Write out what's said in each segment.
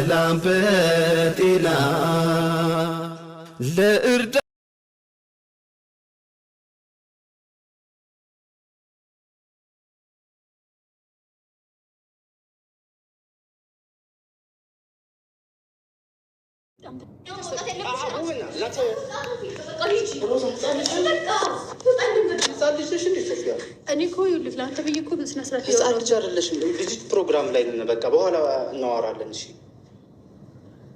በሰላም በጤና ለእርዳ እኔ ልጅ ፕሮግራም ላይ በቃ በኋላ እናወራለን።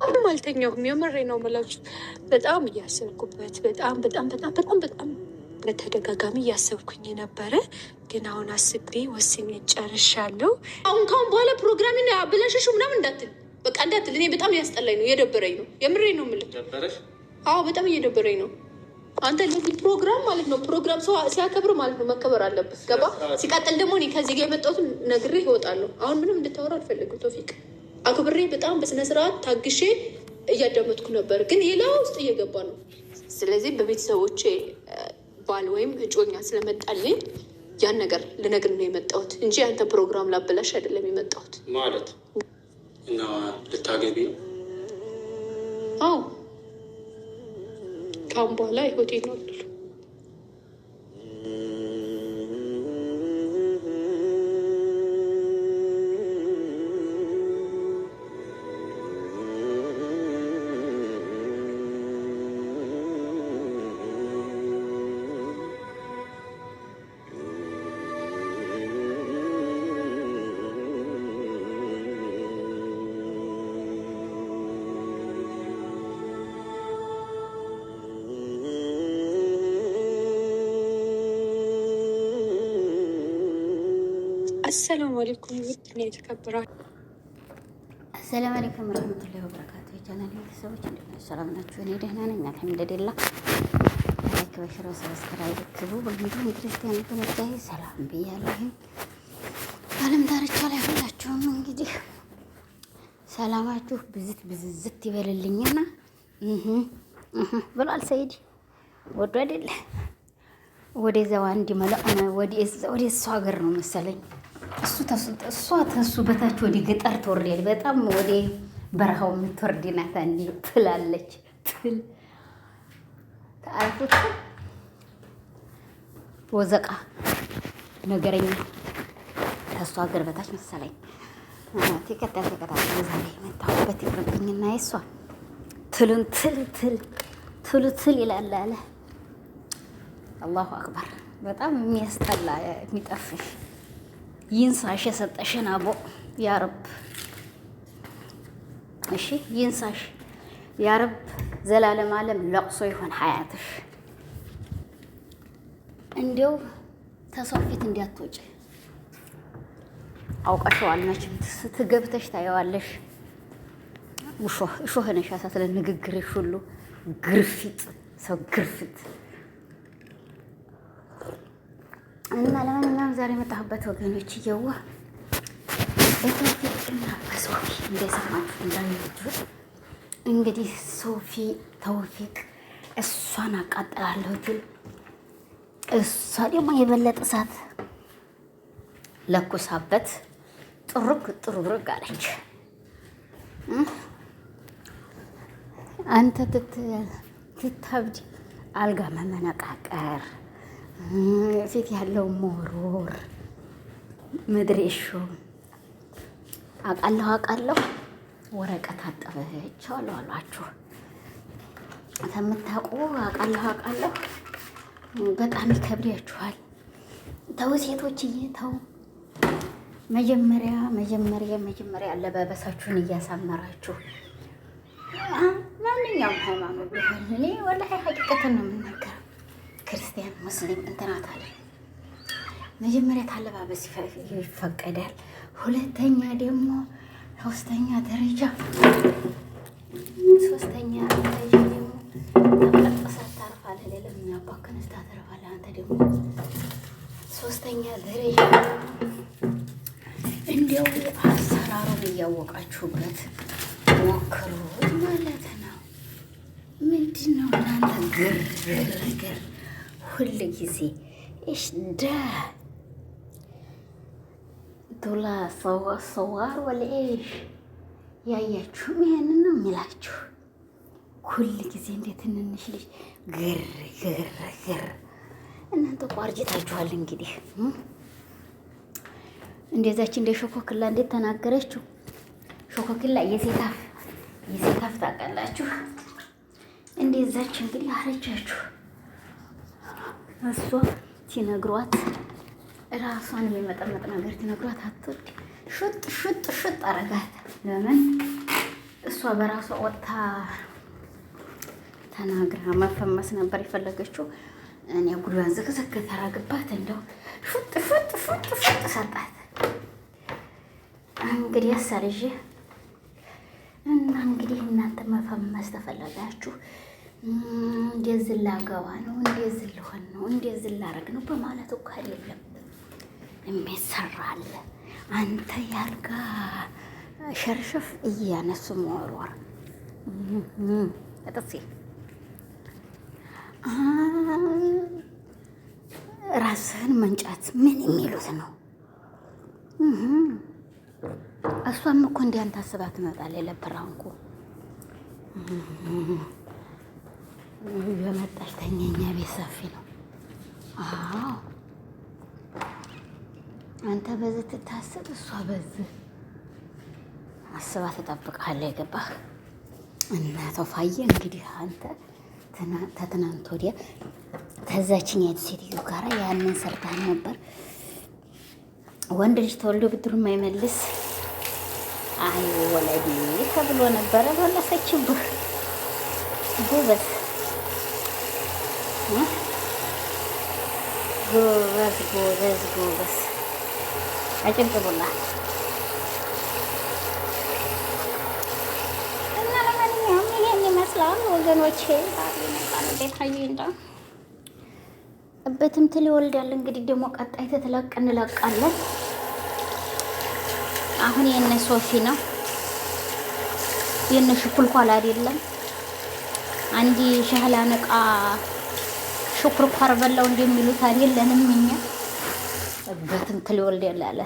ምንም አልተኛሁም። የምሬ ነው የምላችሁ። በጣም እያሰብኩበት በጣም በጣም በጣም በጣም በጣም በተደጋጋሚ እያሰብኩኝ ነበረ፣ ግን አሁን አስቤ ወስኜ ጨርሻለሁ። አሁን ካሁን በኋላ ፕሮግራሚን ብለሽሹ ምናምን እንዳትል፣ በቃ እንዳትል። እኔ በጣም እያስጠላኝ ነው፣ እየደበረኝ ነው። የምሬ ነው የምልህ። አዎ በጣም እየደበረኝ ነው። አንተ ለዚህ ፕሮግራም ማለት ነው ፕሮግራም ሰው ሲያከብር ማለት ነው መከበር አለበት። ገባ? ሲቀጥል ደግሞ እኔ ከዚህ ጋር የመጣሁትን ነግሬህ እወጣለሁ። አሁን ምንም እንድታወራ አልፈልግም ቶፊቅ አክብሬ በጣም በስነ ስርዓት ታግሼ እያዳመጥኩ ነበር፣ ግን ሌላ ውስጥ እየገባ ነው። ስለዚህ በቤተሰቦቼ ባል ወይም እጮኛ ስለመጣልኝ ያን ነገር ልነግር ነው የመጣሁት እንጂ ያንተ ፕሮግራም ላበላሽ አይደለም የመጣሁት። ማለት እና ልታገቢ ነው? አዎ፣ ካሁን በኋላ ህይወቴ ነው። አሰላሙ አለይኩም ውድ ነው የተከበራችሁ። አሰላሙ አለይኩም ወራህመቱላሂ ወበረካቱ። የቻናል ቤተሰቦች እንዴት ናችሁ? ሰላም ናችሁ? እኔ ደህና ነኝ አልሐምዱሊላህ። ላይክ በሽሮ ሰብስክራይብ ክቡ። በሁሉም ክርስቲያን ተመጣጣይ ሰላም ብያለሁ። ዓለም ዳርቻ ላይ ሁላችሁም እንግዲህ ሰላማችሁ ብዝት ብዝዝት ይበልልኝና ብሏል ሰይድ ወዶ አይደለ ወደዛው አንድ መለ ወደ እሷ ሀገር ነው መሰለኝ እሷ ተሱ በታች ወደ ገጠር ትወርዳል። በጣም ወደ በረሃው የምትወርድ ናት። አንዴ ትላለች ትል ተአርፉት ወዘቃ ነገረኛ ተሱ ሀገር በታች መሰለኝ ተከታታይ ተከታታይ ዛሬ የመጣሁበት ይቅርብኝና የሷ ትሉን ትል ትል ትሉ ትል ይላል አለ። አላሁ አክበር በጣም የሚያስጠላ የሚጠፍሽ ይንሳሽ የሰጠሽን አቦ ያረብ እሺ ይንሳሽ ያረብ ዘላለም አለም ለቅሶ ይሆን ሀያትሽ። እንዲያው ተሰው ፊት እንዲያትወጪ አውቀሽዋል መቼም ስትገብተሽ ታየዋለሽ። እሾህ እሾህ ነሽ ያሳትለን ንግግርሽ ሁሉ ግርፊት ሰው ግርፊት እና ለማንኛውም ዛሬ የመጣሁበት ወገኖች እየዋ በተውፊቅ እና በሶፊ እንደሰማችሁ እንዳያችሁት እንግዲህ ሶፊ ተውፊቅ እሷን አቃጠላለሁ ትል እሷ ደግሞ የበለጠ እሳት ለኩሳበት ጥሩግ ጥሩግ አለች። አንተ ትታብድ አልጋ መመነቃቀር ፊት ያለው ሞሮር ምድሬሾ አውቃለሁ አውቃለሁ ወረቀት አጠበች አሏችሁ ከምታውቁ አውቃለሁ አውቃለሁ በጣም ይከብዳችኋል። ተው ሴቶችዬ ተው። መጀመሪያ መጀመሪያ መጀመሪያ አለባበሳችሁን እያሳመራችሁ ማንኛውም ሃይማኖት ቢሆን እኔ ወላሂ ሀቂቀትን ነው የምናገር ክርስቲያን ሙስሊም እንትናታል። መጀመሪያ ታለባበስ ይፈቀዳል። ሁለተኛ ደግሞ ሶስተኛ ደረጃ ሶስተኛ ደረጃ ደግሞ ተቀጥቅሳ ታርፋለህ። ሌለም የሚያባክንስ ታተርፋለህ። አንተ ደግሞ ሶስተኛ ደረጃ እንዲያው አሰራሩን እያወቃችሁበት ሞክሩት ማለት ነው። ምንድን ነው እናንተ ግር ሁል ጊዜ እንደ ዱላ ሰዋር ወለሽ ያያችሁም ይሄንን ነው የሚላችሁ። ሁል ጊዜ እንደ ትንንሽ ልጅ ግር ግር ግር። እናንተ ቋርጅታችኋል እንግዲህ እንደዛች እንደ ሾኮክላ እንዴት ተናገረችው። ሾኮክላ የሴታፍ የሴታፍ ታውቃላችሁ። እንደዛች እንግዲህ አረጃችሁ። እሷ ቲነግሯት ራሷን የመጠመጥ ነገር ሲነግሯት አትወድ ሽጥ ሽጥ ሽጥ አረጋት። ለምን እሷ በራሷ ወጥታ ተናግራ መፈመስ ነበር የፈለገችው። እኔ ጉሏን ዝቅዝቅ ተራግባት እንደው ሽጥ ሽጥ ሽጥ ሹጥ ሰጣት። እንግዲህ አሳልዤ እና እንግዲህ እናንተ መፈመስ ተፈለጋችሁ እንደዚህ ላገባ ነው፣ እንደዚህ ልሆን ነው፣ እንደዚህ ላረግ ነው በማለት እኮ አይደለም የሚሰራ አንተ ያልጋ ሸርሸፍ እያነሱ መወርወር ጥሴ ራስህን መንጫት ምን የሚሉት ነው? እሷም እኮ እንዲያንተ ታስባ ትመጣለች። ለብራንኩ በመጣሽ ተኛኛ ቤት ሰፊ ነው። አዎ አንተ በዚህ ትታሰብ፣ እሷ በዚህ አስባ ትጠብቃለህ። የገባህ እና ተፋየ እንግዲህ አንተ ተትናንት ወዲያ ከዛችኛ ሴትዮ ጋር ያንን ሰርታን ነበር። ወንድ ልጅ ተወልዶ ብድሩ የማይመልስ አይ ወለዲ ተብሎ ነበረ። ተወለሰችብህ ጎበዝ ጎበዝ ጎበዝ ጎበዝ አጭብጭቡላ። እና ለማንኛውም ይሄን ይመስላል ወገኖቼ። ቤታዬ እንዳ በትምትል ይወልዳል። እንግዲህ ደግሞ ቀጣይ ትትለቅ እንለቃለን። አሁን የነ ሶፊ ነው የነ ሽኩልኳል አይደለም አንድ ሸህላ ነቃ ሽኩር ኳር በላው እንደሚሉት የለንም እኛ በትንክል ይወልዳል አለ።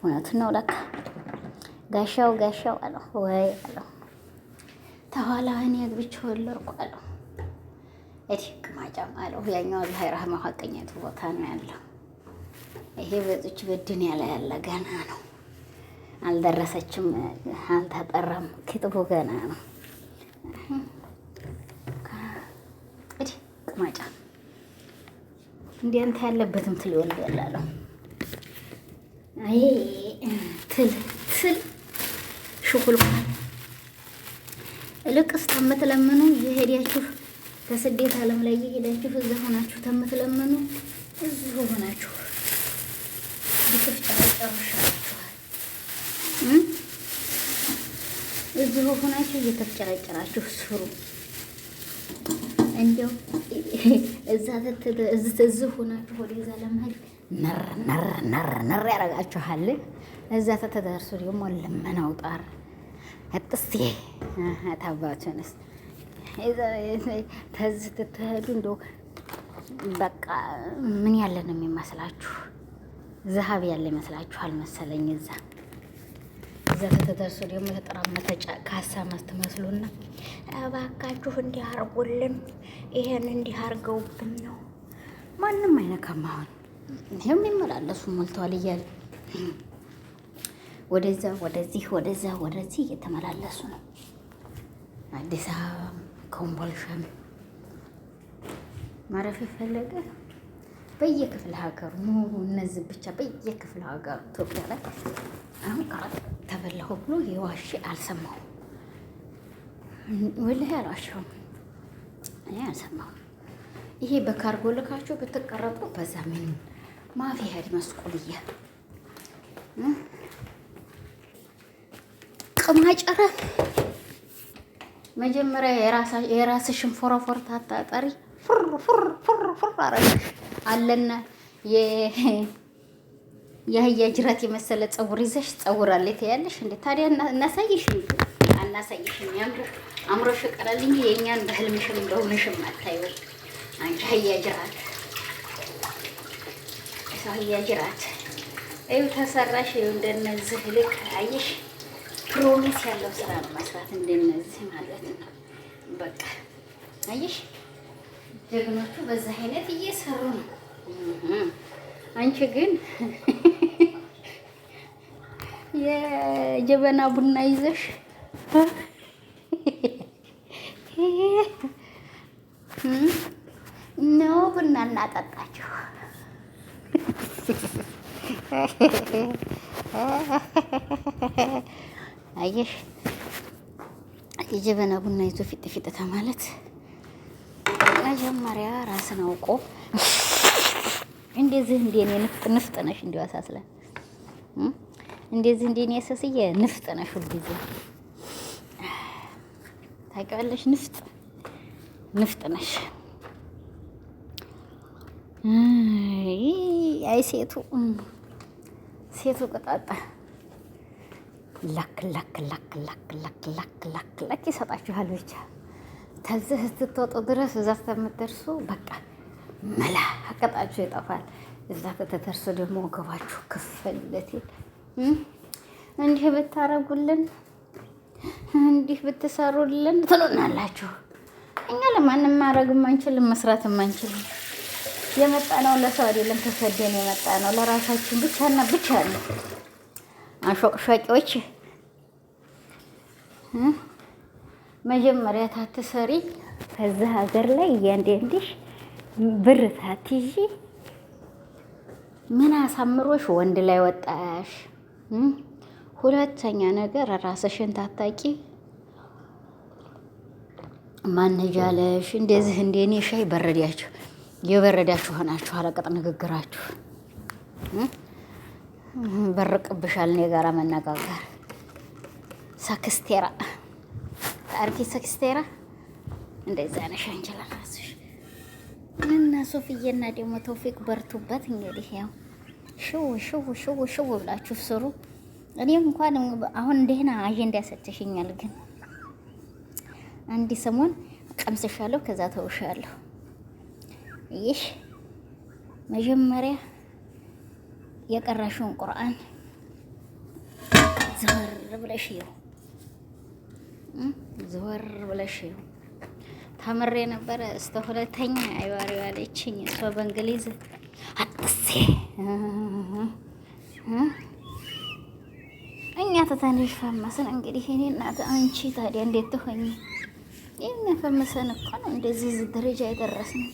እውነቱን ነው ለካ ጋሻው ጋሻው አለ ወይ አለ ተኋላ እኔ አግብቼ ወለድኩ አለው። እዲ ቅማጫም አለው ያኛው ላይ ረህማ ሀቀኛቱ ቦታ ነው ያለው። ይሄ በዚች በዱንያ ላይ ያለ ገና ነው አልደረሰችም፣ አልተጠራም፣ ክጥቡ ገና ነው። ማጫ አንተ ያለበትም ትል ይወልድ ያላለሁ አይ ትል ትል ሽኩልኳል እልቅስ ተምትለምኑ የሄዳችሁ ከስደት ዓለም ላይ የሄዳችሁ እዛ ሆናችሁ ተምትለምኑ እዚሁ ሆናችሁ ድፍፍ ጨረጨራችኋል። እዚሁ ሆናችሁ እየተፍጨረጨራችሁ ስሩ። እንደው እዚህ ሆናችሁ ወደዛ ለመሄድ ነር ነር ነር ነር ያደርጋችኋል። እዛ ተተደርሱ ደግሞ ልመናው ጣር እጥስቴ ታባችሁንስ ተዚህ ትትሄዱ እንደው በቃ ምን ያለ ነው የሚመስላችሁ? ዝሀብ ያለ ይመስላችኋል መሰለኝ እዛ እዛ ተተደርሶ ደግሞ መተጫ ካሳ ማስተመስሉና እባካችሁ እንዲህ አርጉልን፣ ይሄን እንዲህ አርገውብን ነው ማንም አይነካም። አሁን ይህም ይመላለሱ ሞልተዋል እያለ ወደዛ ወደዚህ ወደዛ ወደዚህ እየተመላለሱ ነው። አዲስ አበባ ኮምቦልሻም ማረፍ የፈለገ በየክፍለ ሀገሩ እነዚህ ብቻ በየክፍለ ሀገሩ ኢትዮጵያ ላይ አሁን ተበላሁ ብሎ የዋሽ አልሰማሁም። ወላሂ አልዋሸሁም፣ እኔ አልሰማሁም። ይሄ በካርጎ ልካቸው ብትቀረጡ በዛ ምን ማፊ ሄድ መስቁልየ ቅማጭረ መጀመሪያ የራስሽን ፎረፎር ታጣጠሪ ፍር ፍር ፍር ፍር አረግሽ አለና የአህያ ጅራት የመሰለ ፀጉር ይዘሽ ፀጉር አለ ትያለሽ እንዴ? ታዲያ እናሳይሽ እንጂ አናሳይሽም። ያምሩ አምሮ ይቀራል እንጂ የእኛን በህልምሽም በእውነሽም አታዩ። አንቺ አህያ ጅራት፣ ሰው አህያ ጅራት እዩ ተሰራሽ። እዩ እንደነዚህ ልክ አየሽ፣ ፕሮሚስ ያለው ስራ ነው መስራት እንደነዚህ ማለት ነው። በቃ አየሽ፣ ጀግኖቹ በዛ አይነት እየሰሩ ነው። አንቺ ግን ጀበና ቡና ይዘሽ ነው ቡና እናጠጣችሁ። አየሽ የጀበና ቡና ይዞ ፊጥ ፊጥ ማለት መጀመሪያ ራስን አውቆ እንደዚህ እንዴ ንፍጥ ንፍጥ ነሽ እንዲያሳስለን እንደዚህ እንደኔ ሰስዬ ንፍጥ ነሽ ሁልጊዜ ታውቂዋለሽ። ንፍጥ ንፍጥ ነሽ። አይ ሴቱ ሴቱ ቅጣጣ ላክ ላክ ላክ ላክ ላክ ላክ ላክ ላክ ይሰጣችኋል። ብቻ ተዝህ ስትወጡ ድረስ እዛ ስተምትደርሱ በቃ መላ አቀጣችሁ ይጠፋል። እዛ ከተደርሱ ደግሞ ወገባችሁ ክፍል እንዲህ ብታረጉልን፣ እንዲህ ብትሰሩልን ትሉናላችሁ። እኛ ለማንም ማድረግም አንችልም፣ መስራትም አንችልም። የመጣ ነው ለሰው አይደለም፣ ተሰደን የመጣ ነው ለራሳችን ብቻና ብቻ ነው። አሾቅሾቂዎች መጀመሪያ ታትሰሪ ከዛ ሀገር ላይ እያንዳንድሽ ብር ታትይዢ ምን አሳምሮሽ ወንድ ላይ ወጣሽ? ሁለተኛ ነገር ራስሽን ታታቂ ማንጃለሽ እንደዚህ እንደኔ ሻይ በረዳችሁ የበረዳችሁ ሆናችሁ አለቀጥ ንግግራችሁ በርቅብሻል። እኔ ጋራ መነጋገር ሰክስቴራ አርኪ ሰክስቴራ እንደዛ ነሽ አንችላል ራስሽ እና ሶፍዬና ደግሞ ተውፊቅ በርቱበት እንግዲህ ያው ሽው ሽው ሽው ሽው ብላችሁ ስሩ። እኔም እንኳን አሁን ደህና አጀንዳ ሰጥሽኛል፣ ግን አንድ ሰሞን ቀምስሻለሁ፣ ከዛ ተውሻለሁ። ይህ መጀመሪያ የቀራሽውን ቁርአን ዘወር ብለሽ ይው ዘወር ብለሽ ይው። ተምሬ ነበረ እስተ ሁለተኛ አይዋሪዋለችኝ እሷ በእንግሊዝ አጥሴ እኛ ተታንሽ ፈመሰን። እንግዲህ እኔ እናት አንቺ ታዲያ እንዴት ትሆኝ? ይህን ፈመሰን እኮ ነው እንደዚህ ደረጃ የደረስን።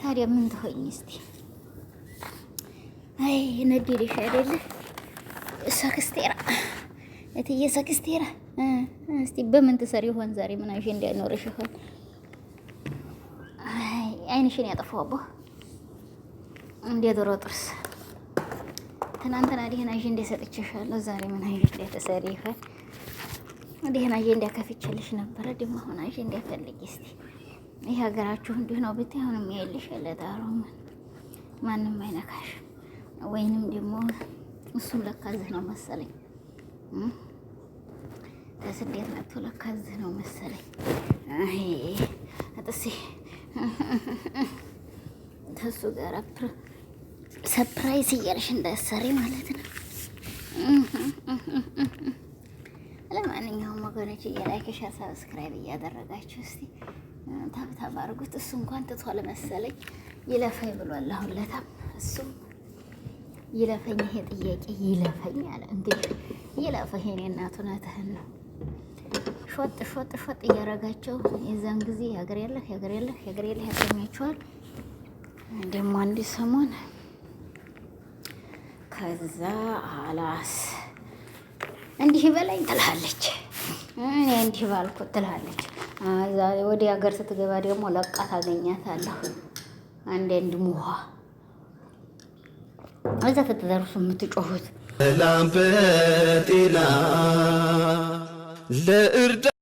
ታዲያ ምን ትሆኝ እስቲ? አይ ነዴልሽ አይደለ ሰክስቴራ፣ እትዬ ሰክስቴራ። እስቲ በምን ትሰሪ ይሆን ዛሬ? ምን አጀንዳ ኖርሽ ይሆን? አይንሽን ያጠፋው አቦ እንደ ዶሮ ጥርስ ትናንትና ዲህን አጀንዳ ሰጥቼሻለሁ። ዛሬ ምን አይነት ላይ ተሰሪ ይፈል ዲህን አጀንዳ ከፍቼልሽ ነበረ። ደግሞ አሁን አጀንዳ ፈልጊ እስቲ። ይህ ሀገራችሁ እንዲሁ ነው ብታይ አሁን ያለሽ ለዳሩ ማንም አይነካሽ። ወይንም ደግሞ እሱም ለካ እዚህ ነው መሰለኝ ከስደት መጥቶ ለካ እዚህ ነው መሰለኝ። አይ አጥሴ ተሱ ጋር አብረ ሰፕራይዝ እያልሽ እንዳሰሪ ማለት ነው። ለማንኛውም ወገኖች እየላይክሽ ሰብስክራይብ እያደረጋችሁ እስቲ ታብታብ አድርጉት። እሱ እንኳን ትቷል መሰለኝ ይለፈኝ ብሏል። አሁን ለታም እሱ ይለፈኝ ይሄ ጥያቄ ይለፈኝ አለ። እንግዲህ ይለፈህ የኔ እናት እውነትህን ነው። ሾጥ ሾጥ ሾጥ እያረጋቸው የዛን ጊዜ ያገር የለህ ያገር የለህ ያገር የለህ ያገኛቸዋል። ደግሞ አንድ ሰሞን ከዛ አላስ እንዲህ በላይ ትልሃለች፣ እኔ እንዲህ ባልኩት ትልሃለች። ዛሬ ወደ ሀገር ስትገባ ደግሞ ለቃ ታገኛታለሁ። አንዴ ሙሃ እዛ ተተደርሱ የምትጮሁት ላምበጤላ ለእርዳ